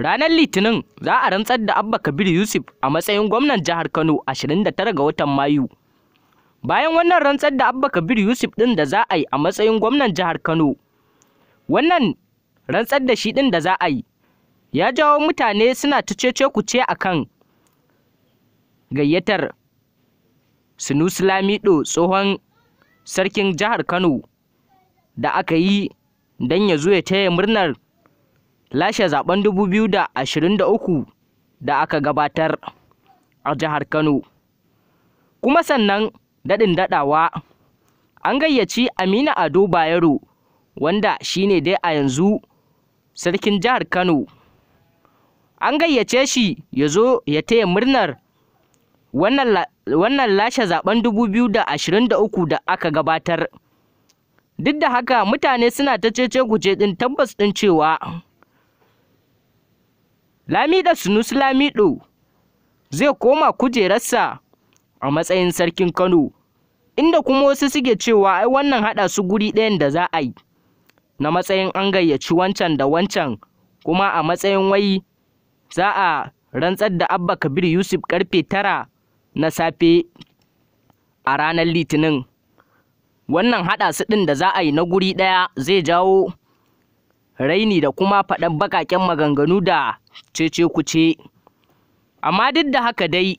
Ranar Litinin za a rantsar da Abba Kabir Yusuf a matsayin gwamnan jihar Kano 29 ga watan Mayu. Bayan wannan rantsar da Abba Kabir Yusuf ɗin da za a yi a matsayin gwamnan jihar Kano, wannan rantsar da shi ɗin da za a yi ya jawo mutane suna ta cece ce a kan gayyatar Sunusi Lamido tsohon sarkin jihar Kano da aka yi don ya zo ya taya murnar lashe zaben 2023 da aka gabatar a jihar Kano. Kuma sannan daɗin daɗawa an gayyaci amina Ado Bayero wanda shine dai a yanzu sarkin jihar Kano. An gayyace shi ya zo ya taya murnar wannan lashe zaben 2023 da aka gabatar. Duk da haka mutane suna ta cece guje ɗin tabbas ɗin cewa Lami Lamida Sunusi Lamido zai koma kujerarsa a matsayin sarkin Kano, inda kuma wasu suke cewa ai wannan haɗa su guri ɗayan da za a yi, na matsayin an gayyaci wancan da wancan kuma a matsayin wai za a rantsar da Abba Kabir Yusuf karfe tara na safe a ranar Litinin. Wannan haɗa su ɗin da za a yi na guri ɗaya zai jawo raini da kuma faɗan baƙaƙen maganganu da cece kuce amma duk da haka dai